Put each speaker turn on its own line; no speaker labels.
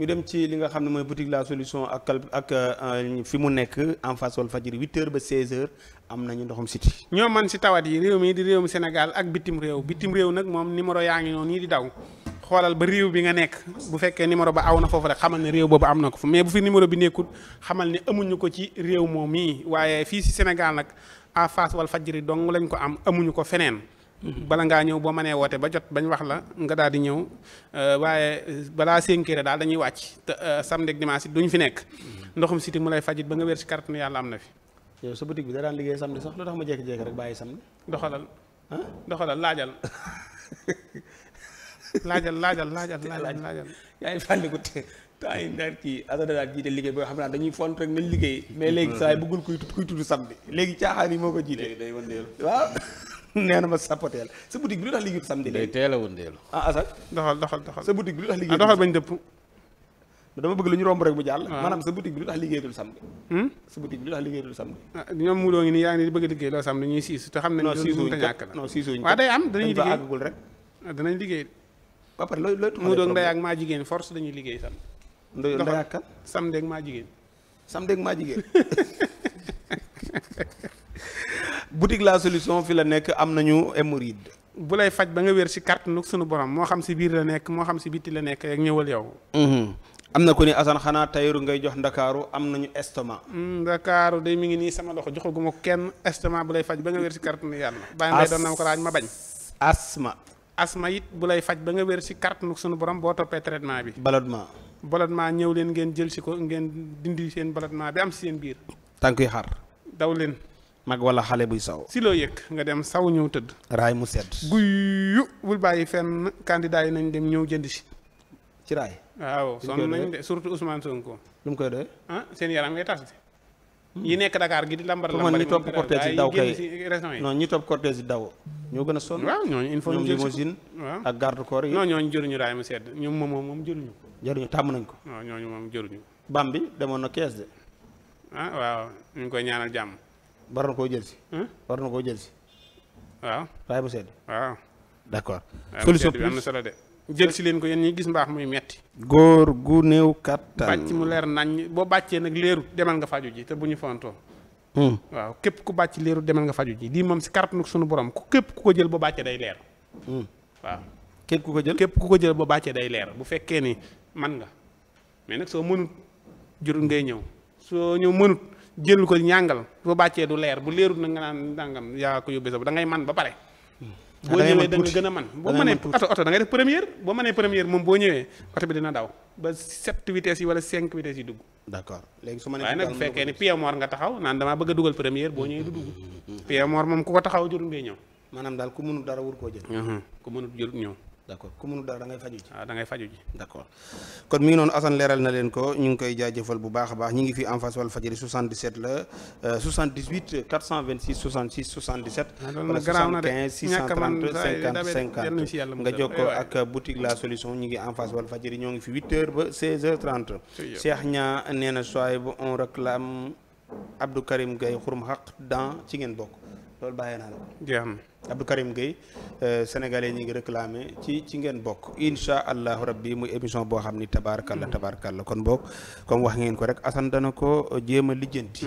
ñu dem ci li nga xam ne mooy boutique la solution ak ak euh, fi mu nekk en face fajiri 8h ba 16h am nañu ndoxum siti ñoo man si tawat yi réew di réewum Sénégal ak bitim réew bitim réew nag moom numéro yaa ngi noonu nii di daw xoolal ba réew bi nga nekk bu fekkee numéro ba aw na foofu rek xamal ne réew boobu am na ko fa mais bu fi numéro bi nekkul xamal ne amuñu ko ci réew moom mii waaye fii si Sénégal nag en face Walfadjri donc lañ ko am amuñu ko feneen. bala ngaa ñëw boo mënee woote ba jot bañ wax la nga daal di ñëw euh, waaye euh, balaa sénkére daal dañuy wàcc te euh, samedi ak dimanche duñ fi nekk mm-hmm. ndoxum siti mu lay fajit ba nga wér ci kàttanu yàlla am na fi yow sa boutique bi da daan liggéey samedi sax lu tax ma jékki-jékki rek bàyyi samedi doxalal doxalal laajal laajal laajal laajal laajal laajal yaa ngi fàlliku temps yi ndax kii asada daal jiite liggéey boo xam naa dañuy font rek nañ liggéey mais léegi mm-hmm. saa yi bëggul kuy tudd kuy tudd samedi léegi caaxaan yi moo ko jiite waaw nee na ma sapoteel sa boutique bi lu tax liggéeyul day teel a wëndeelu. ah Assane. Ah, doxal doxal doxal sa boutique bi lu tax liggéeyul. ah doxal bañ dëpp. dama bëgg ah. sa boutique bi lu tax liggéeyatul samedi. Hmm? sa boutique bi lu tax liggéeyatul samedi. ah ñoom mu doo ngi nii yaa ngi nii bëgg a liggéey loo samedi ñuy siis te xam nañ. non siisu ñu ca non siisu ñu ca waaw day am danañ liggéey ah, dañ ak maa jigéen force dañuy liggéey ak kan samedi ak maa jigéen. samedi ak maa jigéen. boutique la solution fi la nekk am nañu hémorroïde bu lay faj ba nga wér si carte nu suñu borom moo xam si biir la nekk moo xam si bitti la nekk rek ñëwal yow. Mhm. am na ko ni Assane xanaa tayiru ngay jox ndakaaru am nañu estomac. Mm, ndakaaru day mi ngi nii sama loxo joxagu kenn estomac bu lay faj ba nga wér si carte nu yàlla. as bàyyi mbay doon na ko laaj ma it bu lay faj ba nga wér si carte suñu borom boo toppee traitement bi. ballottement. ballottement ñëw leen ngeen jël si ko ngeen dindi seen ballottement bi am si seen biir. tànk yi xar. daw leen. mag wala xale buy saw. si loo yëg nga dem saw ñëw tëdd. raay mu sedd. guyu bul bàyyi fenn candidat yi nañ dem ñëw jënd si. ci raay. waaw sonn nañ de surtout son Sonko. lu mu koy de ah seen yaram ngay tas de. Hmm. yi nekk Dakar gi di lambar lambar ñi topp cortège yi daw kay non ñi topp cortège yi daw ñoo gën a sonn. waaw ñooñu il faut ñu limousine ak garde yi. non ñooñu jëruñu raay mu sedd ñoom moom moom jëruñu ko. jëruñu tàmm nañ ko. waaw ñooñu moom jëruñu. bam bi demoon na kees de. ah waaw ñu ngi koy ñaanal jàmm war na koo jël si. Hmm? war na koo jël si. waaw raay bu sedd. waaw d' accord. solution plus am na solo de. jël si leen ko yéen ñuy gis mbaax muy metti góor gu néew kattan. bàcc mu leer nañ boo bàccee nag leeru demal nga faju ji te bu ñu fontoo. Hmm. waaw képp ku bàcc leeru demal nga faju ji lii moom si carte nag sunu borom ku képp ku ko jël boo bàccee day leer. Hmm. waaw képp ku ko jël képp ku ko jël boo bàccee day leer bu fekkee ni man nga mais nag soo mënut jur ngay ñëw soo ñëw mënut. jël ko ñàngal bu bàccee du leer bu leerul na nga naan ndàngam yaa ko yóbbee sa da ngay man ba pare hmm. boo ah, ñëwee da gën a man boo mënee oto oto da ngay def première boo mënee première moom boo ñëwee oto bi dina daw ba sept vitesse yi wala cinq vitesse yi dugg d'accord léegi su ma nee waaye nag bu fekkee ni piemor nga taxaw naan damaa bëgg a dugal première boo ñëwee du dugg hmm, hmm, piemor moom ku ko taxaw jurul ngay ñëw maanaam daal ku mënul dara wur koo jël ku mënul jël ñëw d'accord ku mënu dara da ngay faju ji waaw ah, da ngay faju ji d'accord kon mi ngi noonu Assane leeral na leen ko ñu ngi koy jaajëfal bu baax a baax ñu ngi fi en face Walfadjri 77 la 78 426 66 77 wala 75 630 50 50 nga jokkoo ak euh, boutique la solution ñu ngi en face Walfadjri ñoo ngi fi 8 heures ba 16 heures 30 Cheikh Ña nee na Soaybu on réclame Abdou Karim Gaye xurum xaq dans ci ngeen bokk loolu bàyyi naa la Abdou Karim Gueye yi euh, ñu ngi réclamé ci ci ngeen bokk incha allahu rabbi muy émission boo xam ni tabaarkalla la kon bokk comme wax ngeen ko rek Assane dana ko euh, jéem a lijjanti.